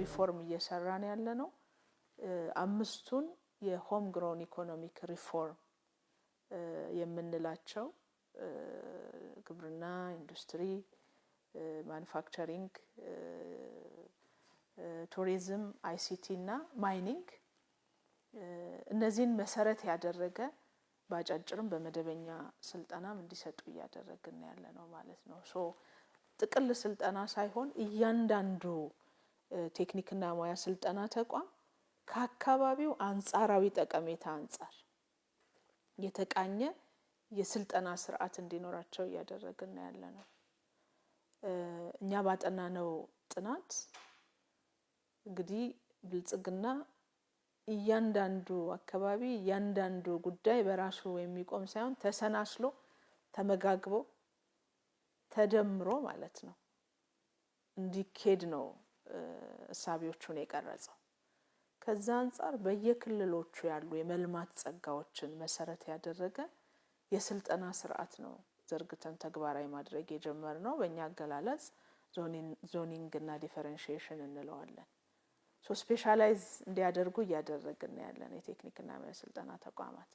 ሪፎርም እየሰራን ያለ ነው። አምስቱን የሆም ግሮን ኢኮኖሚክ ሪፎርም የምንላቸው ግብርና፣ ኢንዱስትሪ፣ ማኑፋክቸሪንግ፣ ቱሪዝም፣ አይሲቲ እና ማይኒንግ እነዚህን መሰረት ያደረገ በአጫጭርም በመደበኛ ስልጠናም እንዲሰጡ እያደረግን ያለ ነው ማለት ነው። ሶ ጥቅል ስልጠና ሳይሆን እያንዳንዱ ቴክኒክና ሙያ ስልጠና ተቋም ከአካባቢው አንጻራዊ ጠቀሜታ አንጻር የተቃኘ የስልጠና ስርዓት እንዲኖራቸው እያደረግን ያለ ነው። እኛ ባጠናነው ጥናት እንግዲህ ብልጽግና እያንዳንዱ አካባቢ እያንዳንዱ ጉዳይ በራሱ የሚቆም ሳይሆን ተሰናስሎ ተመጋግቦ ተደምሮ ማለት ነው እንዲኬድ ነው እሳቢዎቹን የቀረጸው። ከዛ አንጻር በየክልሎቹ ያሉ የመልማት ጸጋዎችን መሰረት ያደረገ የስልጠና ስርዓት ነው ዘርግተን ተግባራዊ ማድረግ ነው በእኛ አገላለጽ ዞኒንግ እና ዲፈረንሽሽን እንለዋለን። ሶ ስፔሻላይዝ እንዲያደርጉ እያደረግን ያለን የቴክኒክና ሙያ ስልጠና ተቋማት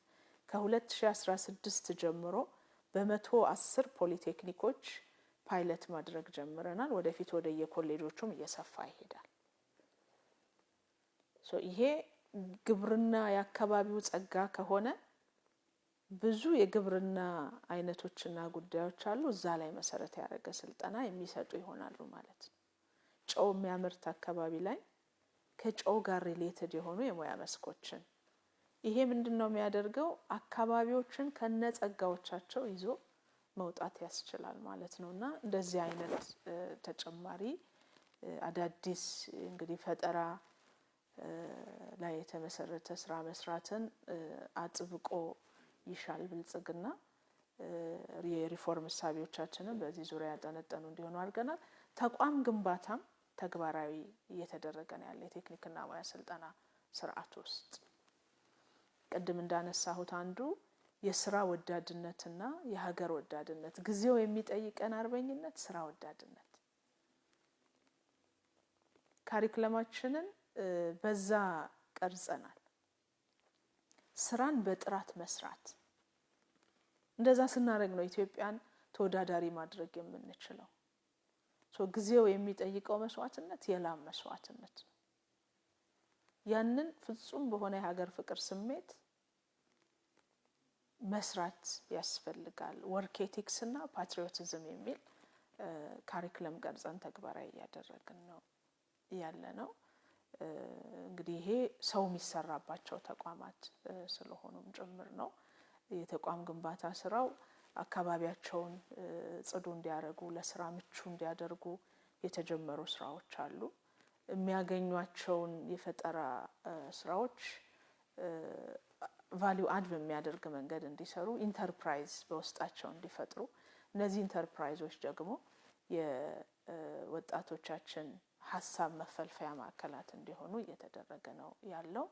ከ2016 ጀምሮ በመቶ አስር ፖሊቴክኒኮች ፓይለት ማድረግ ጀምረናል። ወደፊት ወደ የኮሌጆቹም እየሰፋ ይሄዳል። ይሄ ግብርና የአካባቢው ጸጋ ከሆነ ብዙ የግብርና አይነቶችና ጉዳዮች አሉ። እዛ ላይ መሰረት ያደረገ ስልጠና የሚሰጡ ይሆናሉ ማለት ነው። ጨው የሚያመርት አካባቢ ላይ ከጨው ጋር ሪሌትድ የሆኑ የሙያ መስኮችን ይሄ ምንድን ነው የሚያደርገው? አካባቢዎችን ከነ ጸጋዎቻቸው ይዞ መውጣት ያስችላል ማለት ነው እና እንደዚህ አይነት ተጨማሪ አዳዲስ እንግዲህ ፈጠራ ላይ የተመሰረተ ስራ መስራትን አጥብቆ ይሻል ብልጽግና። የሪፎርም እሳቢዎቻችንን በዚህ ዙሪያ ያጠነጠኑ እንዲሆኑ አድርገናል። ተቋም ግንባታም ተግባራዊ እየተደረገ ነው ያለ የቴክኒክና ሙያ ስልጠና ስርዓት ውስጥ ቅድም እንዳነሳሁት አንዱ የስራ ወዳድነትና የሀገር ወዳድነት ጊዜው የሚጠይቀን አርበኝነት፣ ስራ ወዳድነት ካሪክለማችንን በዛ ቀርጸናል። ስራን በጥራት መስራት እንደዛ ስናደርግ ነው ኢትዮጵያን ተወዳዳሪ ማድረግ የምንችለው። ጊዜው የሚጠይቀው መስዋዕትነት የላም መስዋዕትነት ነው። ያንን ፍጹም በሆነ የሀገር ፍቅር ስሜት መስራት ያስፈልጋል። ወርክ ኤቲክስ እና ፓትሪዮቲዝም የሚል ካሪክለም ቀርጸን ተግባራዊ እያደረግን ነው ያለ ነው። እንግዲህ ይሄ ሰው የሚሰራባቸው ተቋማት ስለሆኑም ጭምር ነው። የተቋም ግንባታ ስራው አካባቢያቸውን ጽዱ እንዲያደርጉ፣ ለስራ ምቹ እንዲያደርጉ የተጀመሩ ስራዎች አሉ። የሚያገኟቸውን የፈጠራ ስራዎች ቫሊዩ አድ በሚያደርግ መንገድ እንዲሰሩ ኢንተርፕራይዝ በውስጣቸው እንዲፈጥሩ እነዚህ ኢንተርፕራይዞች ደግሞ የወጣቶቻችን ሀሳብ መፈልፈያ ማዕከላት እንዲሆኑ እየተደረገ ነው ያለው።